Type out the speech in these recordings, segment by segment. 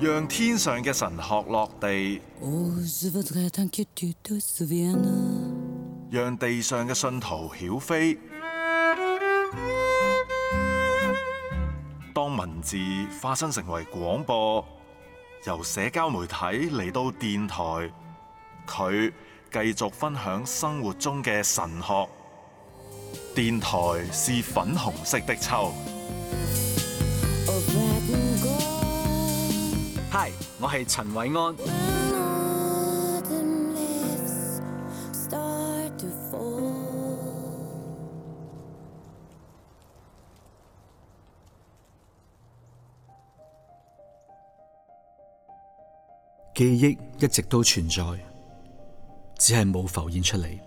讓天上嘅神學落地，讓地上嘅信徒曉飛。當文字化身成為廣播，由社交媒體嚟到電台，佢繼續分享生活中嘅神學。電台是粉紅色的秋。我係陳偉安。記憶一直都存在，只係冇浮現出嚟。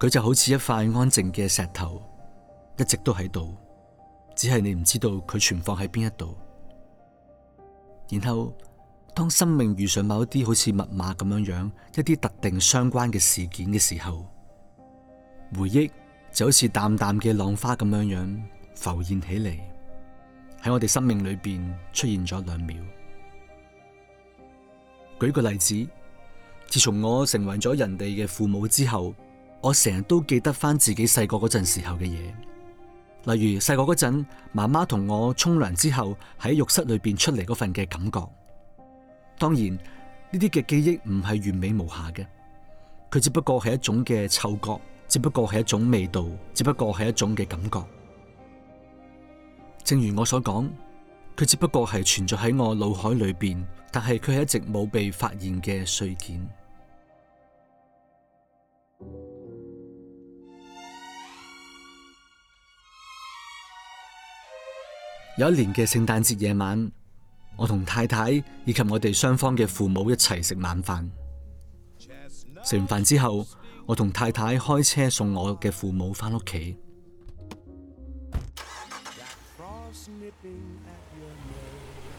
佢就好似一塊安靜嘅石頭，一直都喺度，只係你唔知道佢存放喺邊一度。然後，當生命遇上某一啲好似密碼咁樣樣，一啲特定相關嘅事件嘅時候，回憶就好似淡淡嘅浪花咁樣樣浮現起嚟，喺我哋生命裏邊出現咗兩秒。舉個例子，自從我成為咗人哋嘅父母之後，我成日都記得返自己細個嗰陣時候嘅嘢。例如細個嗰陣，媽媽同我沖涼之後喺浴室裏邊出嚟嗰份嘅感覺。當然，呢啲嘅記憶唔係完美無瑕嘅，佢只不過係一種嘅嗅覺，只不過係一種味道，只不過係一種嘅感覺。正如我所講，佢只不過係存在喺我腦海裏邊，但係佢係一直冇被發現嘅碎片。有一年嘅聖誕節夜晚，我同太太以及我哋雙方嘅父母一齊食晚飯。食完飯之後，我同太太開車送我嘅父母返屋企。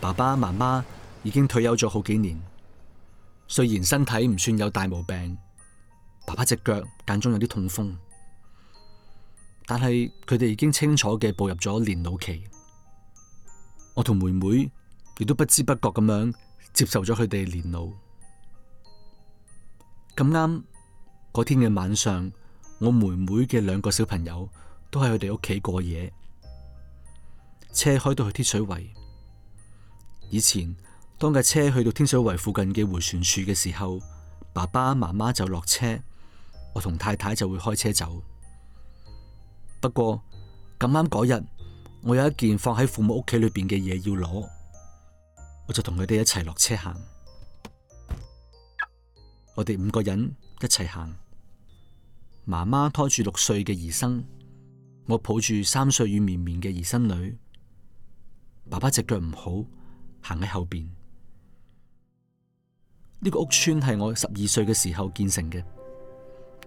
爸爸媽媽已經退休咗好幾年，雖然身體唔算有大毛病，爸爸隻腳間中有啲痛風，但係佢哋已經清楚嘅步入咗年老期。我同妹妹亦都不知不覺咁樣接受咗佢哋嘅年老。咁啱嗰天嘅晚上，我妹妹嘅兩個小朋友都喺佢哋屋企過夜。車開到去天水圍。以前當架車去到天水圍附近嘅回旋處嘅時候，爸爸媽媽就落車，我同太太就會開車走。不過咁啱嗰日。我有一件放喺父母屋企裏邊嘅嘢，要攞，我就同佢哋一齊落車行。我哋五個人一齊行，媽媽拖住六歲嘅兒生，我抱住三歲軟綿綿嘅兒生女，爸爸隻腳唔好，行喺後邊。呢、這個屋村係我十二歲嘅時候建成嘅，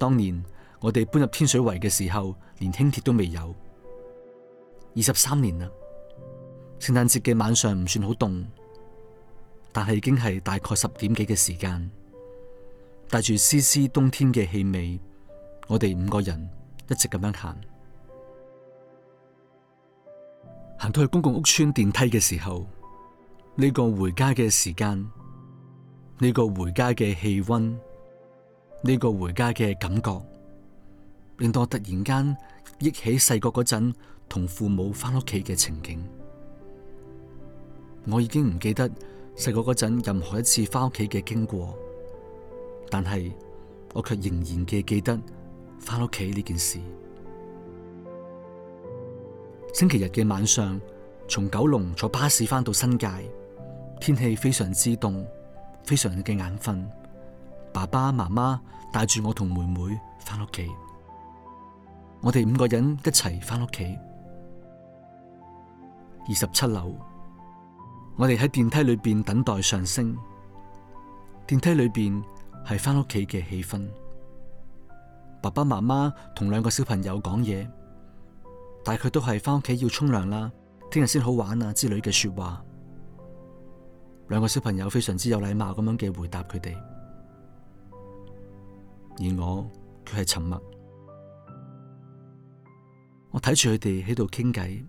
當年我哋搬入天水圍嘅時候，連輕鐵都未有。二十三年啦！聖誕節嘅晚上唔算好凍，但係已經係大概十點幾嘅時間，帶住絲絲冬天嘅氣味，我哋五個人一直咁樣行，行到去公共屋邨電梯嘅時候，呢個回家嘅時間，呢個回家嘅氣溫，呢個回家嘅感覺，令到我突然間憶起細個嗰陣。同父母翻屋企嘅情景，我已經唔記得細個嗰陣任何一次翻屋企嘅經過，但係我卻仍然嘅記得翻屋企呢件事。星期日嘅晚上，從九龍坐巴士翻到新界，天氣非常之凍，非常嘅眼瞓。爸爸媽媽帶住我同妹妹翻屋企，我哋五個人一齊翻屋企。二十七樓，我哋喺電梯裏邊等待上升。電梯裏邊係翻屋企嘅氣氛，爸爸媽媽同兩個小朋友講嘢，大概都係翻屋企要沖涼啦，聽日先好玩啊之類嘅說話。兩個小朋友非常之有禮貌咁樣嘅回答佢哋，而我卻係沉默。我睇住佢哋喺度傾偈。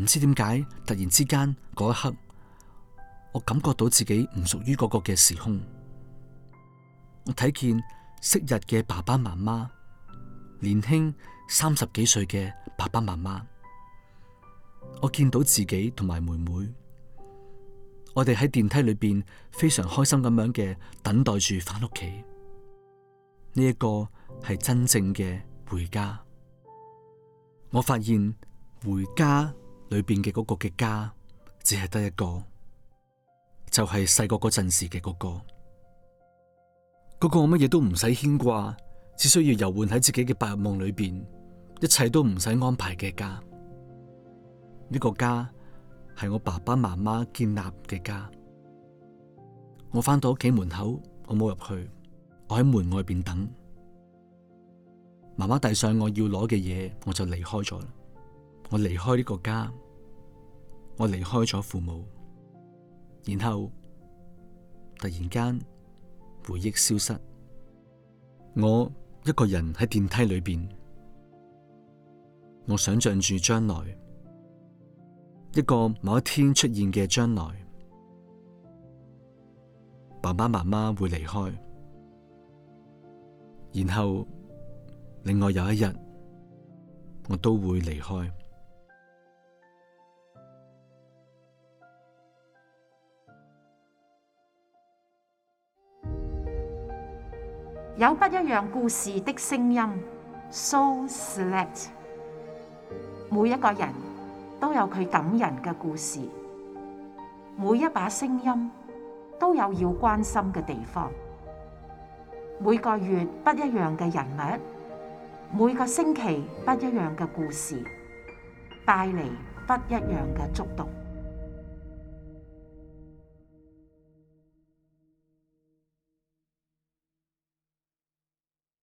唔知點解，突然之間嗰一刻，我感覺到自己唔屬於嗰個嘅時空。我睇見昔日嘅爸爸媽媽，年輕三十幾歲嘅爸爸媽媽，我見到自己同埋妹妹，我哋喺電梯裏邊非常開心咁樣嘅等待住返屋企。呢一個係真正嘅回家。我發現回家。裏邊嘅嗰個嘅家，只係得一個，就係細個嗰陣時嘅嗰個，嗰個我乜嘢都唔使牽掛，只需要遊玩喺自己嘅白日夢裏邊，一切都唔使安排嘅家。呢個家係我爸爸媽媽建立嘅家。我翻到屋企門口，我冇入去，我喺門外邊等。媽媽遞上我要攞嘅嘢，我就離開咗啦。我離開呢個家，我離開咗父母，然後突然間回憶消失，我一個人喺電梯裏邊，我想象住將來一個某一天出現嘅將來，爸爸媽媽會離開，然後另外有一日我都會離開。有不一樣故事的聲音，So select。每一個人都有佢感人嘅故事，每一把聲音都有要關心嘅地方。每個月不一樣嘅人物，每個星期不一樣嘅故事，帶嚟不一樣嘅觸動。